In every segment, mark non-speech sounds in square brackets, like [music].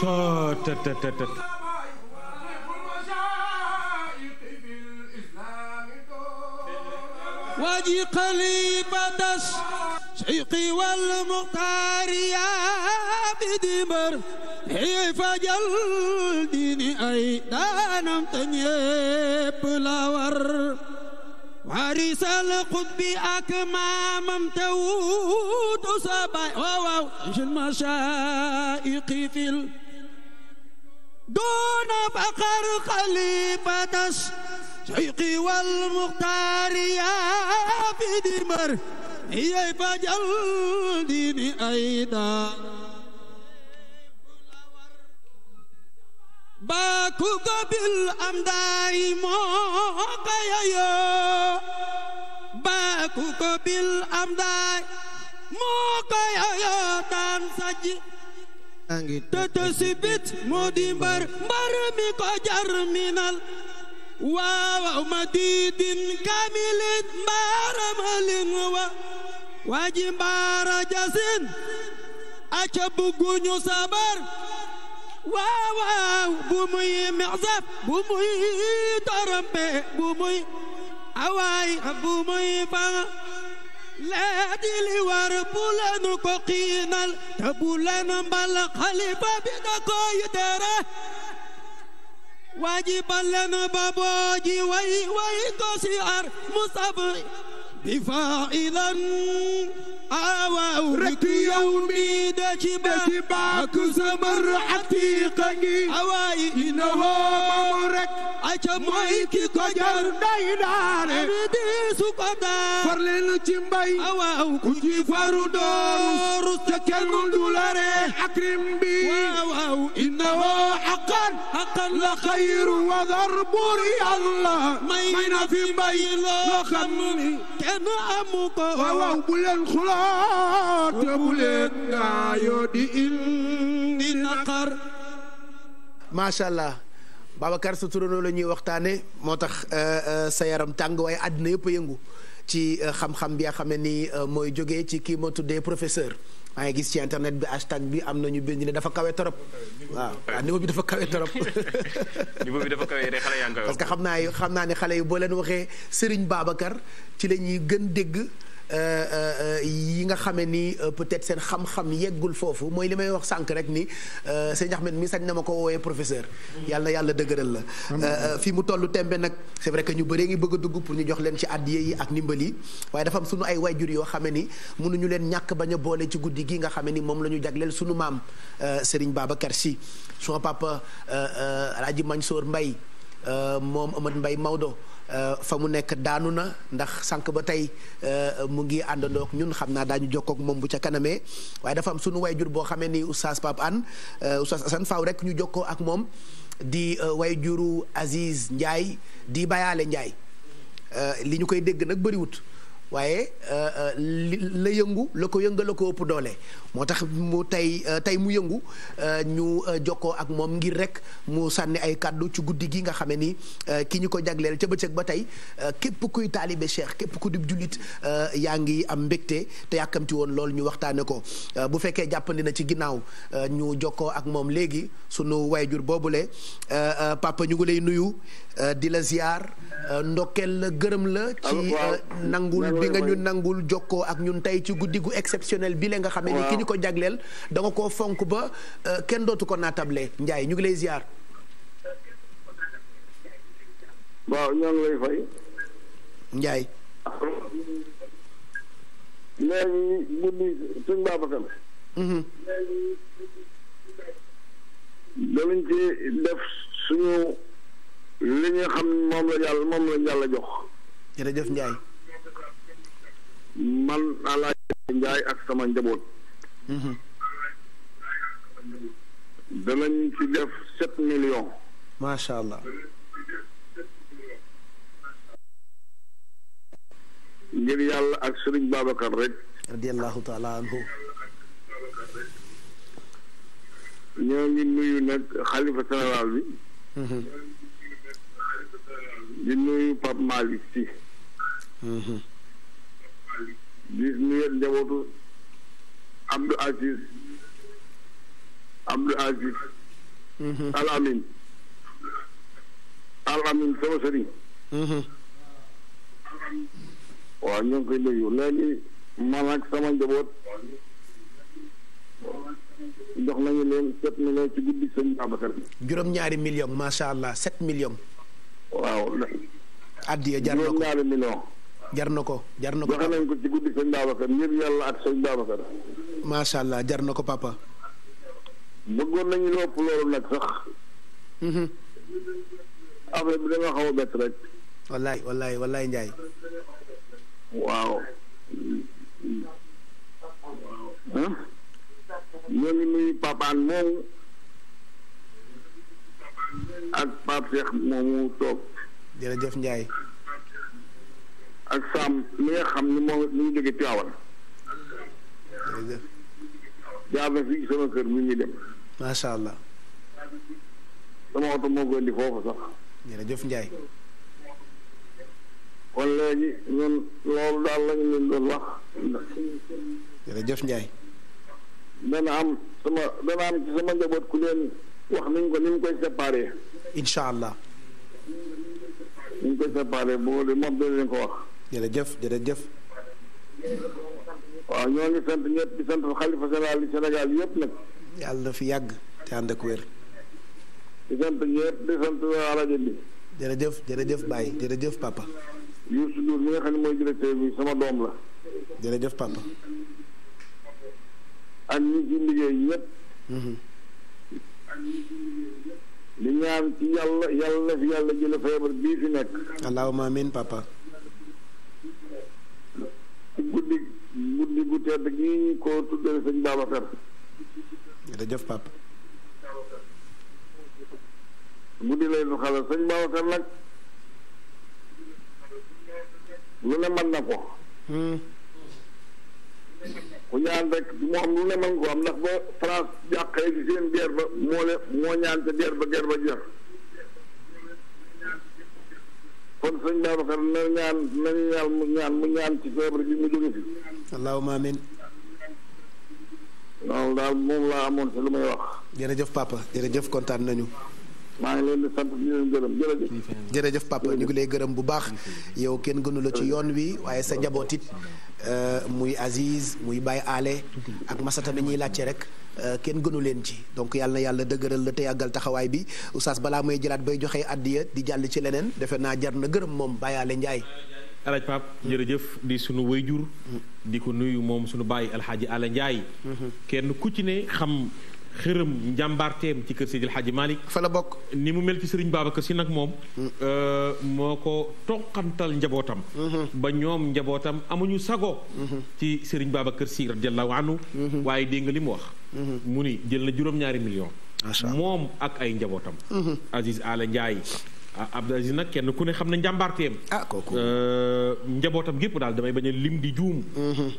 soo tët tët tët waji xalibatas seyqi wal muxtaar yaa bi di mbër xii fajal diini ay daanam te ñépp la war warisal xutbi ak maamam te wuutu sa baay waaw waaw jil masaa'iqi fil دون فقر خليفة الشيخ والمختار يا في دمر هي فجل دين أيضا باكو قبل أمداي موقع يا باكو قبل أمداي موقع يا تنسجي tëtë si moo di mbar mbar mi ko jar minal waaw ma diidin kaamilit mbaaram halin wa waaji mbaara jasin aca bugguñu sabar waaw bu muy mexsab bu muy torambe bu muy awaay bu muy fanga laa di li war bu lanu ko xiinal te bu lanu mbal xalifa bi da koy tere waajibal lanu ba booji way way ko si ar musab فاعلا آوى رك يومي دجبا أكو سمر حقيقي أواي إنه مرك أجمعي كي كجر دينار أبدي سقطا فرلين جنبي أواو كجي فاردور تكل من دولاري أكرم بي واو إنه حقا حقا لخير وذرب ريا الله مين في مين لخمني kenn amu ko waaw bu leen xulaat te bu di indi naqar macha allah Babacar sa turandoo la ñuy waxtaane moo tax euh, euh, sa yaram tàng waaye àddina yëpp yëngu ci euh, xam-xam bi nga xam ne ni euh, mooy jóge ci kii ma tuddee professeur maa ngi gis ci internet bi hashtag bi am na ñu bind ne dafa kawe torop waaw niveau bi dafa kawe torop [laughs] niveau bi dafa kawe de xale yaa ngi koy parce xam naa xam naa ne xale yi boo leen waxee Serigne Babacar ci la ñuy gën dégg. Euh, euh, euh, yi nga xamee ni peut-être seen xam-xam yeggul foofu mooy li may wax sànq rek ni sëñ Ahmed mi sañ na ma ko woowee professeur. yàlla na yàlla dëgëral la. fi mu toll tembe nag c'est vrai que ñu bëree ngi bëgg dugub pour ñu jox leen ci addiya yi ak ndimbal yi waaye dafa am sunu ay waajur yoo xamee ni mënuñu leen ñàkk bañ a boole ci guddi gi nga xamee ni moom la jagleel sunu maam Serigne Babacar Sy son papa El Hadj mbay Mbaye moom Amad Mbaye Maodo. Euh, fa mu nekk daanu na ndax sànq ba tey euh, mu ngi àndandook ñun xam naa daañu jokkook moom bu ca kanamee waaye dafa am sunu jur boo xamee ni oustaz Pape Anne euh, oustaz Assane faaw rek ñu jokkoo ak moom di way juru Aziz Ndiaye di Bayaale Ndiaye li ñu koy dégg nag bëriwut waaye euh, euh, la yëngu la ko yënga la ko ëpp doole moo tax mu tey euh, tey mu yëngu ñu jokkoo ak moom ngir rek mu sànni ay kàddu ci guddi gi nga xam ne ni ki ñu ko jagleel ca bëccëg ba tey képp kuy taalibe Cheikh képp ku di jullit yaa ngi am mbégte te yàkkamti woon lool ñu waxtaane ko bu fekkee jàppandi na ci ginnaaw ñu jokkoo ak moom léegi sunu wayjur boobule papa ñu ngi lay nuyu Euh, di la ziar euh, ndokkeel la gërëm la. ci ah, euh, nangul bi nga ñu nangul jokkoo ak ñun tey ci guddi gu exceptionnel bi la nga xamee ni ki ñu ko jagleel da ko fonk ba kenn dootu ko naatable Ndiaye ñu ngi lay ziar. waaw ñoo ngi lay fay. Ndiaye. léegi guddi suñ Babacar. Mm-hmm. danañ ci def suñu. li nga xam moom la yàlla moom la yàlla jox. jërëjëf Ndiaye. man Alaaji Ndiaye ak sama njaboot. Mm-hmm. danañ ci def sept millions. macha allah. ngir yàlla ak Serigne Babacar rek. radiyallahu taala ñoo ngi nuyu nag xalifa général bi. Mm-hmm. di nuyu Pape Malick Sy mhm. di nuyu njabootu Abdou Aziz Abdou Aziz mhm. Al Amin Al Amin sama sëriñ mhm. waaw ñoo ngi koy nuyu léegi man ak sama njaboot jox nañu leen set millions ci guddi sëñ Babacar bi juróom-ñaari millions macha allah sept millions waaw. addiya jar na ko juróom na ko jar na ko. joxe nañ guddi sëñ Babacar ngir yàlla ak sëñ Babacar. macha allah jar na ko papa. bëggoon loolu nag sax. Mhm. affaire bi dama xaw a bett rek. wallaay wallaay wallaay waaw. ñoo ngi nuyu Pape Hann moom. ak Pape Cheikh moomu toog. jërëjëf njaay ak Sam mi nga xam ni moom mi ngi jóge Tivaouane. jërëjëf. jaarale fii sama kër mi ngi dem. macha allah. sama oto moo ko indi foofu sax. jërëjëf Ndiaye. daal lañu leen doon wax. jërëjëf Ndiaye. dana am sama dana am sama njaboot ku leen. wax nañ ko ni mu koy séparé. incha allah. ni mu koy séparé boobu moom dina leen ko wax. jërëjëf jërëjëf. waaw ñoo ngi sant ñëpp di sant xalifa Sénégal yëpp nag. yàlla na fi yàgg te ànd ak wér. di sant ñëpp di sant waa rajo bi. jërëjëf jërëjëf Baye jërëjëf papa. Youssou Ndour mi nga xam ne mooy directeur bi sama doom la. jërëjëf papa. ak ñi ci liggéey ñëpp. Mhm. li ñaan ci yàlla yàlla fi yàlla jële feebar bii fi nekk allahumma amin papa guddi guddi gu tedd gi ko tuddale sëñ Babacar jërëjëf papa guddi lay nu xalal sëñ Babacar nag lu ne na ko hmm. ku ñaan rek mu am ko am ndax ba France jàqee ci seen guerre ba moo le moo ñaan te guerre ba guerre ba jeex kon sëñ Babacar na ñaan nañu ñaan mu ñaan ci feebar bi mu jóge fi allahumma amin waaw daal moom laa amoon si lu may wax jërëjëf papa jërëjëf kontaan nañu maa ngi leen di sant di leen gërëm jërëjëf. ñu ngi lay gërëm bu baax. yow kenn gënu la ci yoon wi waaye sa njaboot it Euh, muy Aziz muy Baye Ale ak Masata mi ñuy laajte rek euh, kenn gënu leen ci donc yàlla na yàlla dëgëral la te yàggal taxawaay bi oustaz balaa may jëlaat bay joxe addiya di jàll ci leneen defe naa jar na gërëm moom Baye Ale Ndiaye. alaaj jërëjëf di sunu wayjur di ko nuyu moom sunu bàyyi alxaaji Ale Ndiaye. Mm-hmm. kenn ku ne xam. xërëm njàmbaarteem ci kër Seydil Hadji Malick fa la bokk ni mu mel ci Serigne Babacar Sy nag moom mm-hmm. euh, moo ko toqantal njabootam mm-hmm. ba ñoom njabootam amuñu sago mm-hmm. ci Serigne Babacar Sy radiallahu anhu waaye dégg nga li mu wax mu ni jël na juróom-ñaari million moom ak ay njabootam Aziz Ala Ndiaye ah, Abdou Aziz nag kenn ku ne xam na njàmbaarteem ah kooku euh, njabootam gépp daal damay bañ a lim di juum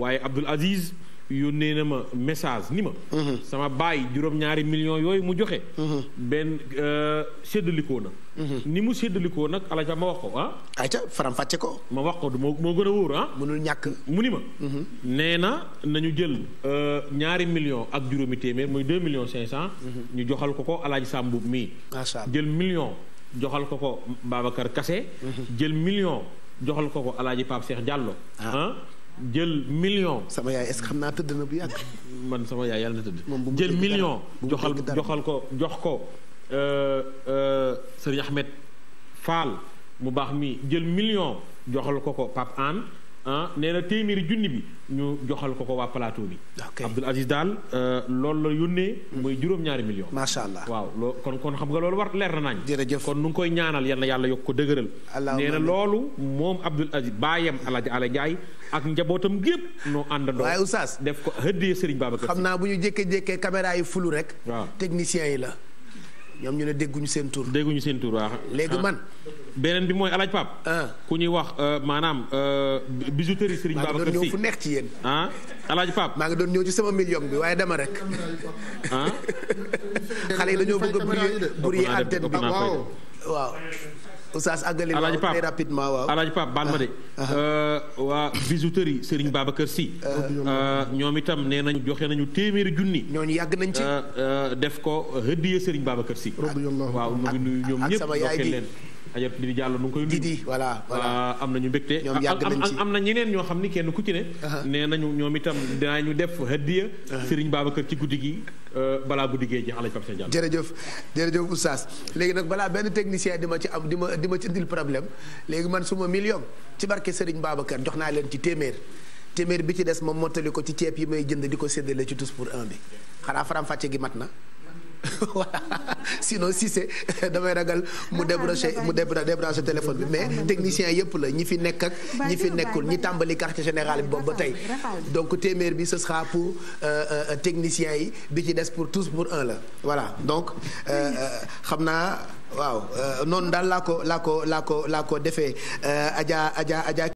waaye Abdoul Aziz yónnee na ma message ni ma. Mhm. sama baay juróom-ñaari million yooyu mu joxe. Mhm. benn euh, séddalikoo na. Mhm. ni mu séddalikoo nag alaja ma wax ko ah. ayca faram fàcce ko. ma wax ko du moo moo gën a wóor ah. mënul ñàkk mu ni ma. nee na nañu jël euh, ñaari million ak juróomi téeméer muy deux millions cinq cent. ñu joxal ko ko alaaj Sambub mii. macha jël million joxal ko ko Babacar Kassé. jël million joxal ko ko alaaji Pape Cheikh Diallo. Ah. Ah. jël million. sama yaay est xam naa tëdd na bu yàgg. man sama yaay yàlla na tëdd. jël million joxal joxal ko jox ko euh, euh, sëriñ Ahmed Fall mu baax mi jël million joxal ko ko Pape An. ah nee na téeméeri junni bi ñu joxal ko ko waa plateau bi. ok Abdoul Aziz daal euh, loolu la yónnee. mooy juróom-ñaari million macha allah waaw loo kon kon xam nga loolu war leer na nañ. jërëjëf kon nu ngi koy ñaanal yal na yàlla yokk ko dëgëral. nee na loolu moom Abdoul Aziz baayam Alaaji Ala jaay ak njabootam gépp noo àndandoo. waaye oustaz def ko hëddee Serigne Babacar. xam naa bu ñu jékkee jékkee caméra yi fulu rek. waaw technicien yi la. ñoom ñu ne dégguñu seen tur. dégguñu seen tur waaw. léegi ah. man. beneen bi mooy alaaj Pape. Ah. ku ñuy wax euh, maanaam euh, bijouterie Serigne Babacar Sy. maa ngi doon ñëw fu nekk ci yéen. ah alaaj Pape. maa ngi doon ñëw ci sama million bi waaye dama rek. ah. [laughs] xale yi dañoo bëgg a. bëgg a bëgg antenne bi waaw. Oustaz àggale na très rapidement waaw Alaaji Pape baal ma de ah, ah. Euh, waa visiteurs yi Serigne Babacar Sy ah, euh, ñoom itam nee nañu joxe nañu téeméeri junni ñooñu yàgg nañ ci euh, def ko hëddiyee Serigne Babacar Sy waaw mu ngi nuyu ñoom ñëpp dokkee leen ajat di jàll nu ngi koy di voilà voilà am nañu mbégte am na ñeneen ñoo xam ni kenn ku ci ne nee nañu ñoom itam dinañu def hëddiya Serigne Babacar ci guddi gi Euh, balaa guddi géej gi alaaj Pape Cheikh Diallo jërëjëf jërëjëf oustaz léegi nag balaa benn technicien di ma ci am di ma di ma ci dil problème léegi man suma million ci barke Serigne Babacar jox naa leen ci téeméer téeméer bi ci des ma mottali ko ci ceeb yi may jënd di ko séddale ci tous pour un bi xanaa faram fàcce gi mat na [laughs] sinon Cissé [laughs] damay ragal mu débranché mu débranché téléphone bi mais technicien yëpp la ñi fi nekk ak ñi fi nekkul ñi tàmbali quartier général bi boobu ba tey donc téeméer bi ce sera pour euh, euh, technicien yi bi ci des pour tous pour un la voilà donc euh, xam naa waaw noonu daal laa ko laa ko laa ko laa ko defee Adja Adja Adja